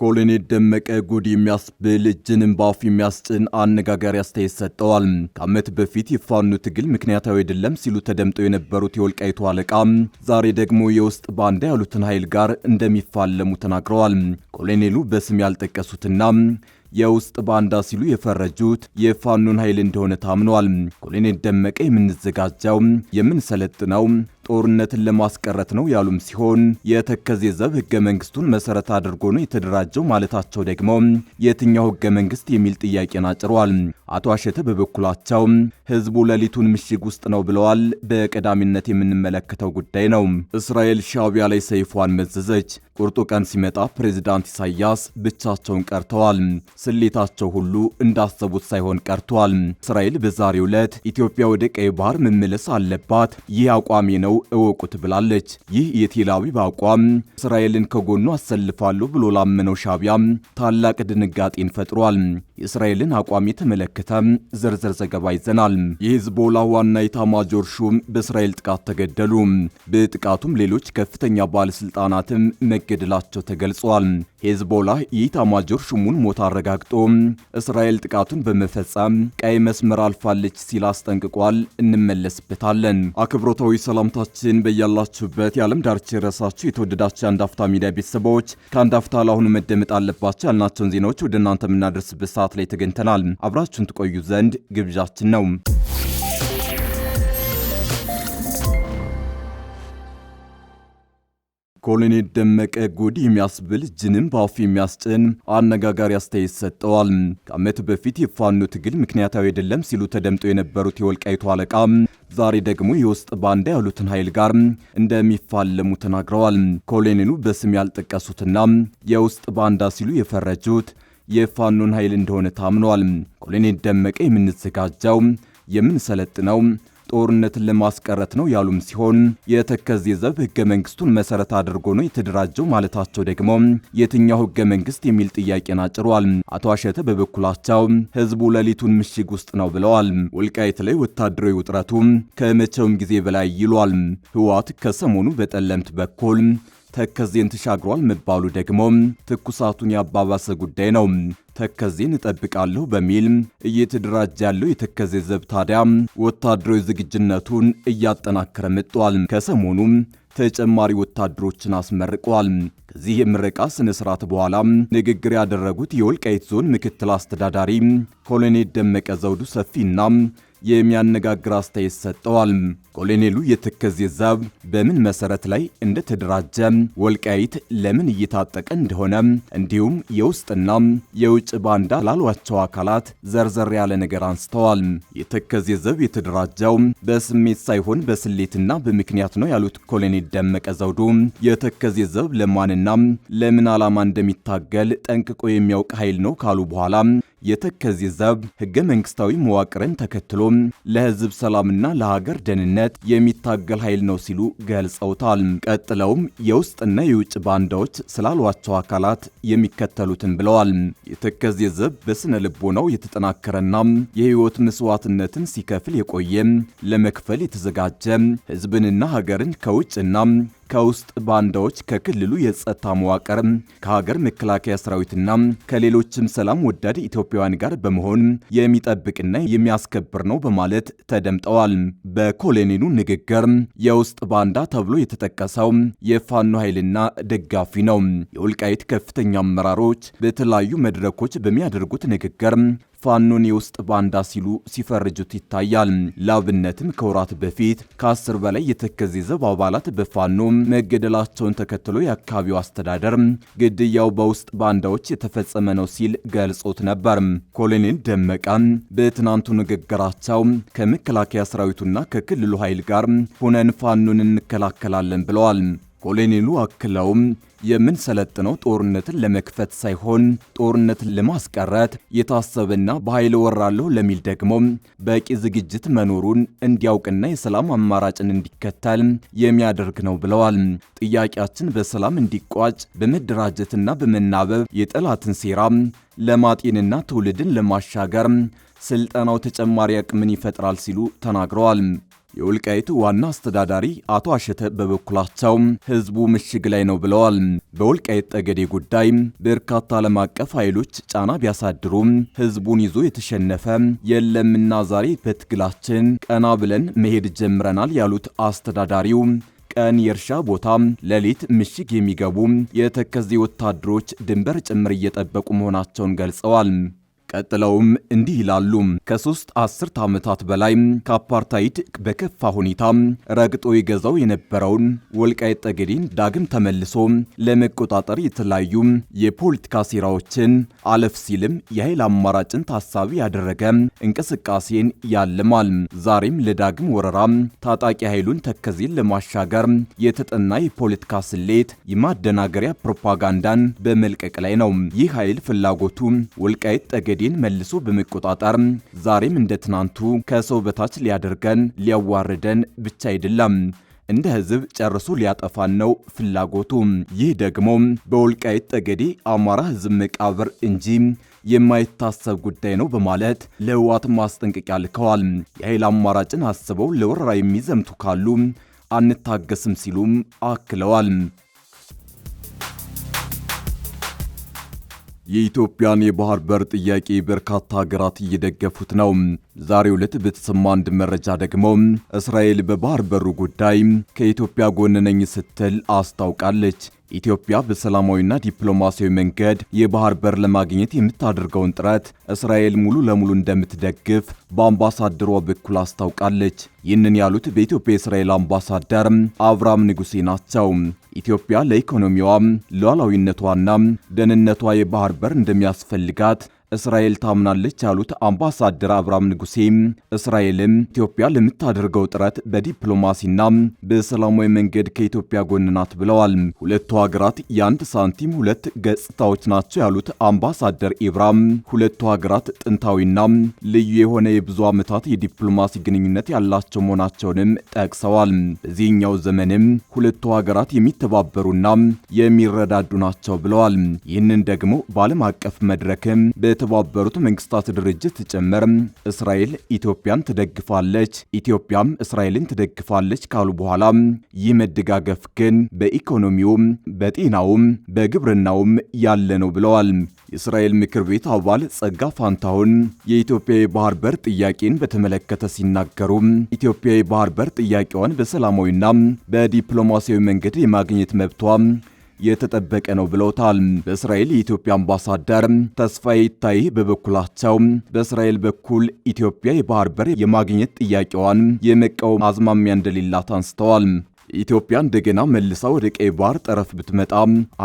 ኮሎኔል ደመቀ ጉድ የሚያስብል እጅንም በአፍ የሚያስጭን አነጋጋሪ አስተያየት ሰጠዋል። ከዓመት በፊት የፋኖ ትግል ምክንያታዊ አይደለም ሲሉ ተደምጠው የነበሩት የወልቃይቱ አለቃ ዛሬ ደግሞ የውስጥ ባንዳ ያሉትን ኃይል ጋር እንደሚፋለሙ ተናግረዋል። ኮሎኔሉ በስም ያልጠቀሱትና የውስጥ ባንዳ ሲሉ የፈረጁት የፋኖን ኃይል እንደሆነ ታምነዋል። ኮሎኔል ደመቀ የምንዘጋጀው የምንሰለጥነው ጦርነትን ለማስቀረት ነው ያሉም ሲሆን የተከዜ ዘብ ህገ መንግስቱን መሰረት አድርጎ ነው የተደራጀው ማለታቸው ደግሞ የትኛው ህገ መንግስት የሚል ጥያቄን አጭሯል። አቶ አሸተ በበኩላቸው ህዝቡ ሌሊቱን ምሽግ ውስጥ ነው ብለዋል። በቀዳሚነት የምንመለከተው ጉዳይ ነው። እስራኤል ሻቢያ ላይ ሰይፏን መዘዘች። ቁርጡ ቀን ሲመጣ ፕሬዚዳንት ኢሳያስ ብቻቸውን ቀርተዋል። ስሌታቸው ሁሉ እንዳሰቡት ሳይሆን ቀርቷል። እስራኤል በዛሬው ዕለት ኢትዮጵያ ወደ ቀይ ባህር መመለስ አለባት፣ ይህ አቋሜ ነው ነው እወቁት ብላለች። ይህ የቴል አቪቭ አቋም እስራኤልን ከጎኑ አሰልፋለሁ ብሎ ላመነው ሻቢያ ታላቅ ድንጋጤን ፈጥሯል። የእስራኤልን አቋም የተመለከተ ዝርዝር ዘገባ ይዘናል። የሂዝቦላ ዋና ኢታማጆር ሹም በእስራኤል ጥቃት ተገደሉ። በጥቃቱም ሌሎች ከፍተኛ ባለስልጣናትም መገደላቸው ተገልጿል። ሄዝቦላ የኢታማጆር ሹሙን ሞት አረጋግጦ እስራኤል ጥቃቱን በመፈጸም ቀይ መስመር አልፋለች ሲል አስጠንቅቋል። እንመለስበታለን። አክብሮታዊ ሰላምታ ሰላምታችን በያላችሁበት የዓለም ዳርቻ የረሳችሁ የተወደዳችሁ የአንድ አፍታ ሚዲያ ቤተሰቦች ከአንዳፍታ አፍታ ለአሁኑ መደመጥ አለባቸው ያልናቸውን ዜናዎች ወደ እናንተ የምናደርስበት ሰዓት ላይ ተገኝተናል። አብራችሁን ትቆዩ ዘንድ ግብዣችን ነው። ኮሎኔል ደመቀ ጉድ የሚያስብል ጅንም በአፉ የሚያስጭን አነጋጋሪ አስተያየት ሰጠዋል። ከዓመት በፊት የፋኖ ትግል ምክንያታዊ አይደለም ሲሉ ተደምጦ የነበሩት የወልቃይቱ አለቃ ዛሬ ደግሞ የውስጥ ባንዳ ያሉትን ኃይል ጋር እንደሚፋለሙ ተናግረዋል። ኮሎኔሉ በስም ያልጠቀሱትና የውስጥ ባንዳ ሲሉ የፈረጁት የፋኖን ኃይል እንደሆነ ታምኗል። ኮሎኔል ደመቀ የምንዘጋጀው የምንሰለጥነው ጦርነትን ለማስቀረት ነው ያሉም ሲሆን የተከዜ ዘብ ህገ መንግስቱን መሰረት አድርጎ ነው የተደራጀው ማለታቸው ደግሞ የትኛው ህገ መንግስት የሚል ጥያቄን አጭሯል። አቶ አሸተ በበኩላቸው ህዝቡ ሌሊቱን ምሽግ ውስጥ ነው ብለዋል። ወልቃይት ላይ ወታደራዊ ውጥረቱ ከመቼውም ጊዜ በላይ ይሏል። ህወሓት ከሰሞኑ በጠለምት በኩል ተከዜን ተሻግሯል መባሉ ደግሞ ትኩሳቱን ያባባሰ ጉዳይ ነው። ተከዜን እጠብቃለሁ በሚል እየተደራጀ ያለው የተከዜ ዘብ ታዲያ ወታደራዊ ዝግጅነቱን እያጠናከረ መጥቷል። ከሰሞኑ ተጨማሪ ወታደሮችን አስመርቋል። ከዚህ የምረቃ ስነ ስርዓት በኋላ ንግግር ያደረጉት የወልቃይት ዞን ምክትል አስተዳዳሪ ኮሎኔል ደመቀ ዘውዱ ሰፊና የሚያነጋግር አስተያየት ሰጠዋል። ኮሎኔሉ የተከዜ ዛብ በምን መሰረት ላይ እንደተደራጀ፣ ወልቃይት ለምን እየታጠቀ እንደሆነ እንዲሁም የውስጥና የውጭ ባንዳ ላሏቸው አካላት ዘርዘር ያለ ነገር አንስተዋል። የተከዜ ዘብ የተደራጀው በስሜት ሳይሆን በስሌትና በምክንያት ነው ያሉት ኮሎኔል ደመቀ ዘውዱ የተከዜ ዘብ ለማንና ለምን ዓላማ እንደሚታገል ጠንቅቆ የሚያውቅ ኃይል ነው ካሉ በኋላ የተከዜ ዘብ ህገ መንግስታዊ መዋቅርን ተከትሎ ለህዝብ ሰላምና ለሀገር ደህንነት የሚታገል ኃይል ነው ሲሉ ገልጸውታል። ቀጥለውም የውስጥና የውጭ ባንዳዎች ስላሏቸው አካላት የሚከተሉትን ብለዋል። የተከዜ ዘብ በስነ ልቦናው የተጠናከረና የህይወት መስዋዕትነትን ሲከፍል የቆየ ለመክፈል የተዘጋጀ ህዝብንና ሀገርን ከውጭና ከውስጥ ባንዳዎች፣ ከክልሉ የጸጥታ መዋቅር፣ ከሀገር መከላከያ ሰራዊትና ከሌሎችም ሰላም ወዳድ ኢትዮጵያውያን ጋር በመሆን የሚጠብቅና የሚያስከብር ነው በማለት ተደምጠዋል። በኮሎኔሉ ንግግር የውስጥ ባንዳ ተብሎ የተጠቀሰው የፋኖ ኃይልና ደጋፊ ነው። የወልቃይት ከፍተኛ አመራሮች በተለያዩ መድረኮች በሚያደርጉት ንግግር ፋኖን የውስጥ ባንዳ ሲሉ ሲፈርጁት ይታያል። ለአብነትም ከወራት በፊት ከአስር በላይ የተከዜ ዘብ አባላት በፋኖ መገደላቸውን ተከትሎ የአካባቢው አስተዳደር ግድያው በውስጥ ባንዳዎች የተፈጸመ ነው ሲል ገልጾት ነበር። ኮሎኔል ደመቃ በትናንቱ ንግግራቸው ከመከላከያ ሰራዊቱና ከክልሉ ኃይል ጋር ሆነን ፋኖን እንከላከላለን ብለዋል። ኮሎኔሉ አክለውም የምንሰለጥነው ጦርነትን ለመክፈት ሳይሆን ጦርነትን ለማስቀረት የታሰበና በኃይል ወራለሁ ለሚል ደግሞ በቂ ዝግጅት መኖሩን እንዲያውቅና የሰላም አማራጭን እንዲከተል የሚያደርግ ነው ብለዋል። ጥያቄያችን በሰላም እንዲቋጭ በመደራጀትና በመናበብ የጠላትን ሴራ ለማጤንና ትውልድን ለማሻገር ስልጠናው ተጨማሪ አቅምን ይፈጥራል ሲሉ ተናግረዋል። የውልቃይቱ ዋና አስተዳዳሪ አቶ አሸተ በበኩላቸው ህዝቡ ምሽግ ላይ ነው ብለዋል። በወልቃይት ጠገዴ ጉዳይ በርካታ ዓለም አቀፍ ኃይሎች ጫና ቢያሳድሩም ህዝቡን ይዞ የተሸነፈ የለምና ዛሬ በትግላችን ቀና ብለን መሄድ ጀምረናል ያሉት አስተዳዳሪው ቀን የእርሻ ቦታ፣ ሌሊት ምሽግ የሚገቡ የተከዜ ወታደሮች ድንበር ጭምር እየጠበቁ መሆናቸውን ገልጸዋል። ቀጥለውም እንዲህ ይላሉ። ከሶስት አስርት ዓመታት በላይ ከአፓርታይድ በከፋ ሁኔታ ረግጦ ይገዛው የነበረውን ወልቃይት ጠገዴን ዳግም ተመልሶ ለመቆጣጠር የተለያዩ የፖለቲካ ሴራዎችን አለፍ ሲልም የኃይል አማራጭን ታሳቢ ያደረገ እንቅስቃሴን ያልማል። ዛሬም ለዳግም ወረራ ታጣቂ ኃይሉን ተከዜን ለማሻገር የተጠና የፖለቲካ ስሌት የማደናገሪያ ፕሮፓጋንዳን በመልቀቅ ላይ ነው። ይህ ኃይል ፍላጎቱ ወልቃይት ጠገዴ ዘዴን መልሶ በመቆጣጠር ዛሬም እንደ ትናንቱ ከሰው በታች ሊያደርገን ሊያዋርደን ብቻ አይደለም እንደ ህዝብ ጨርሶ ሊያጠፋን ነው ፍላጎቱ። ይህ ደግሞ በወልቃይት ጠገዴ አማራ ህዝብ መቃብር እንጂ የማይታሰብ ጉዳይ ነው በማለት ለህወሓት ማስጠንቀቂያ ልከዋል። የኃይል አማራጭን አስበው ለወረራ የሚዘምቱ ካሉ አንታገስም ሲሉም አክለዋል። የኢትዮጵያን የባህር በር ጥያቄ በርካታ ሀገራት እየደገፉት ነው። ዛሬ ዕለት በተሰማ አንድ መረጃ ደግሞ እስራኤል በባህር በሩ ጉዳይ ከኢትዮጵያ ጎን ነኝ ስትል አስታውቃለች። ኢትዮጵያ በሰላማዊና ዲፕሎማሲያዊ መንገድ የባህር በር ለማግኘት የምታደርገውን ጥረት እስራኤል ሙሉ ለሙሉ እንደምትደግፍ በአምባሳደሯ በኩል አስታውቃለች። ይህንን ያሉት በኢትዮጵያ የእስራኤል አምባሳደር አብርሃም ንጉሴ ናቸው። ኢትዮጵያ ለኢኮኖሚዋ ሉዓላዊነቷና ደህንነቷ የባህር በር እንደሚያስፈልጋት እስራኤል ታምናለች ያሉት አምባሳደር አብርሃም ንጉሴ እስራኤልም ኢትዮጵያ ለምታደርገው ጥረት በዲፕሎማሲና በሰላማዊ መንገድ ከኢትዮጵያ ጎን ናት ብለዋል። ሁለቱ ሀገራት የአንድ ሳንቲም ሁለት ገጽታዎች ናቸው ያሉት አምባሳደር ኢብራም ሁለቱ ሀገራት ጥንታዊና ልዩ የሆነ የብዙ ዓመታት የዲፕሎማሲ ግንኙነት ያላቸው መሆናቸውንም ጠቅሰዋል። በዚህኛው ዘመንም ሁለቱ ሀገራት የሚተባበሩና የሚረዳዱ ናቸው ብለዋል። ይህንን ደግሞ በዓለም አቀፍ መድረክም የተባበሩት መንግስታት ድርጅት ጭምር እስራኤል ኢትዮጵያን ትደግፋለች፣ ኢትዮጵያም እስራኤልን ትደግፋለች ካሉ በኋላ ይህ መደጋገፍ ግን በኢኮኖሚውም፣ በጤናውም፣ በግብርናውም ያለ ነው ብለዋል። የእስራኤል ምክር ቤት አባል ጸጋ ፋንታሁን የኢትዮጵያ የባህር በር ጥያቄን በተመለከተ ሲናገሩ ኢትዮጵያ የባህር በር ጥያቄዋን በሰላማዊና በዲፕሎማሲያዊ መንገድ የማግኘት መብቷ የተጠበቀ ነው ብለውታል። በእስራኤል የኢትዮጵያ አምባሳደር ተስፋዬ ይታይ በበኩላቸው በእስራኤል በኩል ኢትዮጵያ የባህር በር የማግኘት ጥያቄዋን የመቃወም አዝማሚያ እንደሌላት አንስተዋል። ኢትዮጵያ እንደገና መልሳ ወደ ቀይ ባህር ጠረፍ ብትመጣ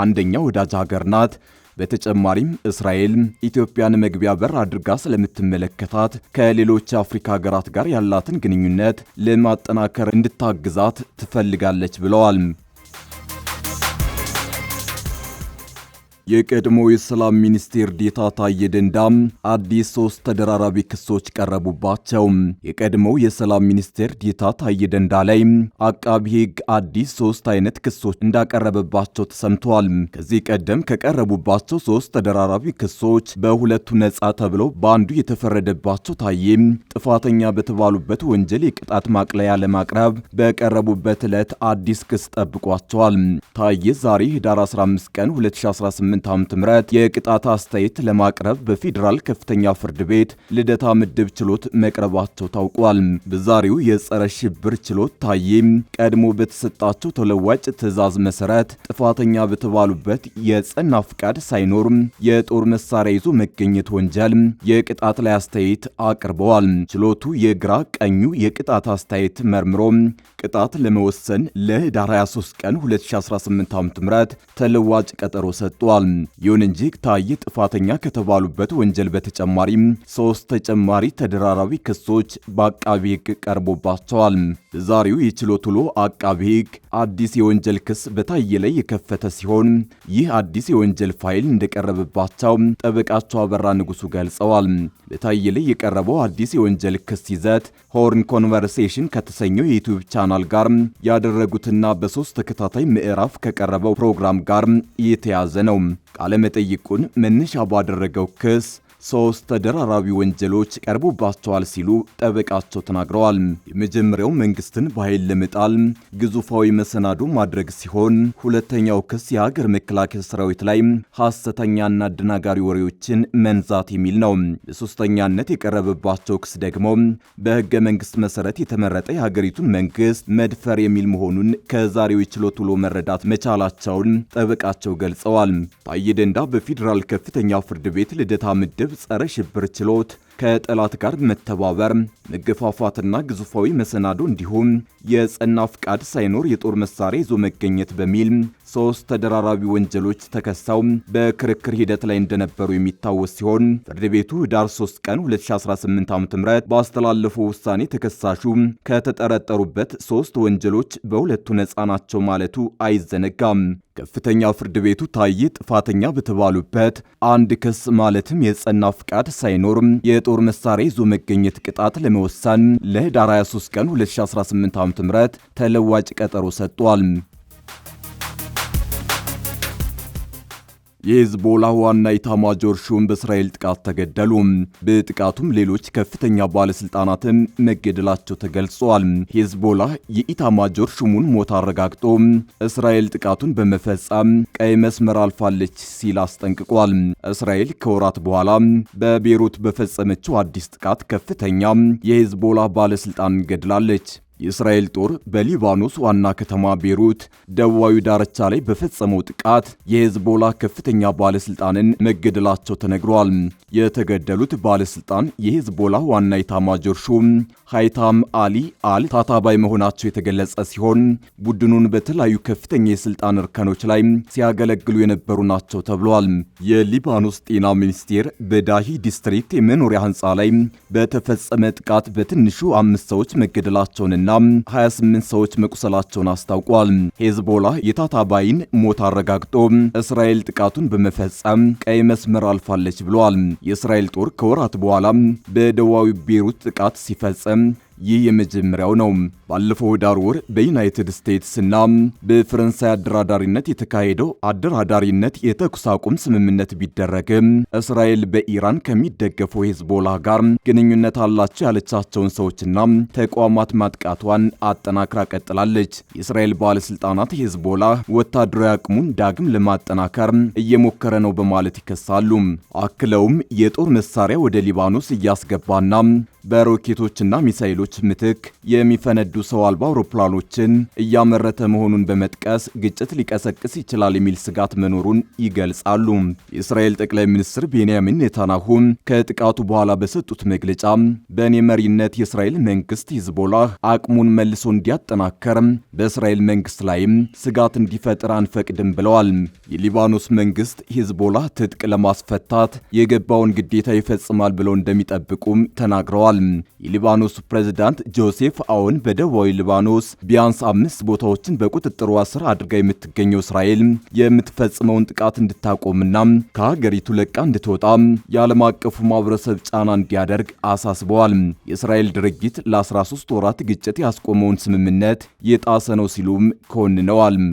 አንደኛ ወዳጅ ሀገር ናት። በተጨማሪም እስራኤል ኢትዮጵያን መግቢያ በር አድርጋ ስለምትመለከታት ከሌሎች አፍሪካ ሀገራት ጋር ያላትን ግንኙነት ለማጠናከር እንድታግዛት ትፈልጋለች ብለዋል። የቀድሞ የሰላም ሚኒስቴር ዴታ ታዬ ደንዳ አዲስ ሶስት ተደራራቢ ክሶች ቀረቡባቸው። የቀድሞ የሰላም ሚኒስቴር ዴታ ታዬ ደንዳ ላይ አቃቢ ሕግ አዲስ ሶስት አይነት ክሶች እንዳቀረበባቸው ተሰምተዋል። ከዚህ ቀደም ከቀረቡባቸው ሶስት ተደራራቢ ክሶች በሁለቱ ነጻ ተብለው በአንዱ የተፈረደባቸው ታዬ ጥፋተኛ በተባሉበት ወንጀል የቅጣት ማቅለያ ለማቅረብ በቀረቡበት ዕለት አዲስ ክስ ጠብቋቸዋል። ታዬ ዛሬ ህዳር 15 ቀን 2018 2018 ዓ.ም የቅጣት አስተያየት ለማቅረብ በፌዴራል ከፍተኛ ፍርድ ቤት ልደታ ምድብ ችሎት መቅረባቸው ታውቋል። በዛሬው የጸረ ሽብር ችሎት ታዬም ቀድሞ በተሰጣቸው ተለዋጭ ትዕዛዝ መሰረት ጥፋተኛ በተባሉበት የጸና ፍቃድ ሳይኖርም የጦር መሳሪያ ይዞ መገኘት ወንጀል የቅጣት ላይ አስተያየት አቅርበዋል። ችሎቱ የግራ ቀኙ የቅጣት አስተያየት መርምሮ ቅጣት ለመወሰን ለህዳር 23 ቀን 2018 ዓ.ም ተለዋጭ ቀጠሮ ሰጥቷል። ይሁን እንጂ ታዬ ጥፋተኛ ከተባሉበት ወንጀል በተጨማሪም ሶስት ተጨማሪ ተደራራቢ ክሶች በአቃቢ ህግ ቀርቦባቸዋል። ዛሬው የችሎት ውሎ አቃቢ ህግ አዲስ የወንጀል ክስ በታየ ላይ የከፈተ ሲሆን ይህ አዲስ የወንጀል ፋይል እንደቀረበባቸው ጠበቃቸው አበራ ንጉሱ ገልጸዋል። በታየ ላይ የቀረበው አዲስ የወንጀል ክስ ይዘት ሆርን ኮንቨርሴሽን ከተሰኘው የዩቲዩብ ቻናል ጋር ያደረጉትና በሶስት ተከታታይ ምዕራፍ ከቀረበው ፕሮግራም ጋር የተያዘ ነው። ቃለ መጠይቁን መነሻ ባደረገው ክስ ሶስት ተደራራቢ ወንጀሎች ቀርቦባቸዋል ሲሉ ጠበቃቸው ተናግረዋል። የመጀመሪያው መንግስትን በኃይል ለመጣል ግዙፋዊ መሰናዶ ማድረግ ሲሆን ሁለተኛው ክስ የሀገር መከላከያ ሰራዊት ላይ ሐሰተኛና አደናጋሪ ወሬዎችን መንዛት የሚል ነው። በሶስተኛነት የቀረበባቸው ክስ ደግሞ በህገ መንግስት መሰረት የተመረጠ የሀገሪቱን መንግስት መድፈር የሚል መሆኑን ከዛሬው የችሎት ውሎ መረዳት መቻላቸውን ጠበቃቸው ገልጸዋል። ታዬ ደንዳ በፌዴራል ከፍተኛ ፍርድ ቤት ልደታ ምድብ ጸረ ሽብር ችሎት ከጠላት ጋር መተባበር መገፋፋትና ግዙፋዊ መሰናዶ እንዲሁም የጸና ፍቃድ ሳይኖር የጦር መሳሪያ ይዞ መገኘት በሚል ሶስት ተደራራቢ ወንጀሎች ተከሰው በክርክር ሂደት ላይ እንደነበሩ የሚታወስ ሲሆን ፍርድ ቤቱ ህዳር 3 ቀን 2018 ዓ.ም ባስተላለፈው ውሳኔ ተከሳሹ ከተጠረጠሩበት ሶስት ወንጀሎች በሁለቱ ነፃ ናቸው ማለቱ አይዘነጋም። ከፍተኛ ፍርድ ቤቱ ታዬ ጥፋተኛ በተባሉበት አንድ ክስ ማለትም የጸና ፍቃድ ሳይኖር የጦር መሳሪያ ይዞ መገኘት ቅጣት ለመወሰን ለህዳር 23 ቀን 2018 ዓ.ም ተለዋጭ ቀጠሮ ሰጥቷል። የሄዝቦላ ዋና ኢታማጆር ሹም በእስራኤል ጥቃት ተገደሉ። በጥቃቱም ሌሎች ከፍተኛ ባለስልጣናትም መገደላቸው ተገልጿል። ሄዝቦላ የኢታማጆር ሹሙን ሞት አረጋግጦ እስራኤል ጥቃቱን በመፈጸም ቀይ መስመር አልፋለች ሲል አስጠንቅቋል። እስራኤል ከወራት በኋላ በቤሩት በፈጸመችው አዲስ ጥቃት ከፍተኛ የሄዝቦላ ባለስልጣን ገድላለች። የእስራኤል ጦር በሊባኖስ ዋና ከተማ ቤሩት ደቡባዊ ዳርቻ ላይ በፈጸመው ጥቃት የሄዝቦላ ከፍተኛ ባለስልጣንን መገደላቸው ተነግሯል። የተገደሉት ባለስልጣን የሄዝቦላ ዋና ኢታማጆር ሹም ሃይታም አሊ አል ታታባይ መሆናቸው የተገለጸ ሲሆን ቡድኑን በተለያዩ ከፍተኛ የስልጣን እርከኖች ላይ ሲያገለግሉ የነበሩ ናቸው ተብሏል። የሊባኖስ ጤና ሚኒስቴር በዳሂ ዲስትሪክት የመኖሪያ ህንፃ ላይ በተፈጸመ ጥቃት በትንሹ አምስት ሰዎች መገደላቸውን ተገድለዋልና 28 ሰዎች መቁሰላቸውን አስታውቋል። ሄዝቦላ የታታባይን ሞት አረጋግጦ እስራኤል ጥቃቱን በመፈጸም ቀይ መስመር አልፋለች ብለዋል። የእስራኤል ጦር ከወራት በኋላ በደቡባዊ ቤሩት ጥቃት ሲፈጸም ይህ የመጀመሪያው ነው። ባለፈው ህዳር ወር በዩናይትድ ስቴትስና በፈረንሳይ አደራዳሪነት የተካሄደው አደራዳሪነት የተኩስ አቁም ስምምነት ቢደረግም እስራኤል በኢራን ከሚደገፈው ሄዝቦላ ጋር ግንኙነት አላቸው ያለቻቸውን ሰዎችና ተቋማት ማጥቃቷን አጠናክራ ቀጥላለች። የእስራኤል ባለስልጣናት ሄዝቦላ ወታደራዊ አቅሙን ዳግም ለማጠናከር እየሞከረ ነው በማለት ይከሳሉ። አክለውም የጦር መሳሪያ ወደ ሊባኖስ እያስገባና በሮኬቶችና ሚሳይሎች ሚሳይሎች ምትክ የሚፈነዱ ሰው አልባ አውሮፕላኖችን እያመረተ መሆኑን በመጥቀስ ግጭት ሊቀሰቅስ ይችላል የሚል ስጋት መኖሩን ይገልጻሉ። የእስራኤል ጠቅላይ ሚኒስትር ቤንያሚን ኔታናሁም ከጥቃቱ በኋላ በሰጡት መግለጫ በእኔ መሪነት የእስራኤል መንግስት ሂዝቦላህ አቅሙን መልሶ እንዲያጠናከር በእስራኤል መንግስት ላይም ስጋት እንዲፈጥር አንፈቅድም ብለዋል። የሊባኖስ መንግስት ሂዝቦላህ ትጥቅ ለማስፈታት የገባውን ግዴታ ይፈጽማል ብለው እንደሚጠብቁም ተናግረዋል። የሊባኖስ ፕሬዝዳንት ፕሬዝዳንት ጆሴፍ አውን በደቡባዊ ሊባኖስ ቢያንስ አምስት ቦታዎችን በቁጥጥሯ ስር አድርጋ የምትገኘው እስራኤል የምትፈጽመውን ጥቃት እንድታቆምና ከሀገሪቱ ለቃ እንድትወጣ የዓለም አቀፉ ማህበረሰብ ጫና እንዲያደርግ አሳስበዋል። የእስራኤል ድርጊት ለ13 ወራት ግጭት ያስቆመውን ስምምነት የጣሰ ነው ሲሉም ኮንነዋል።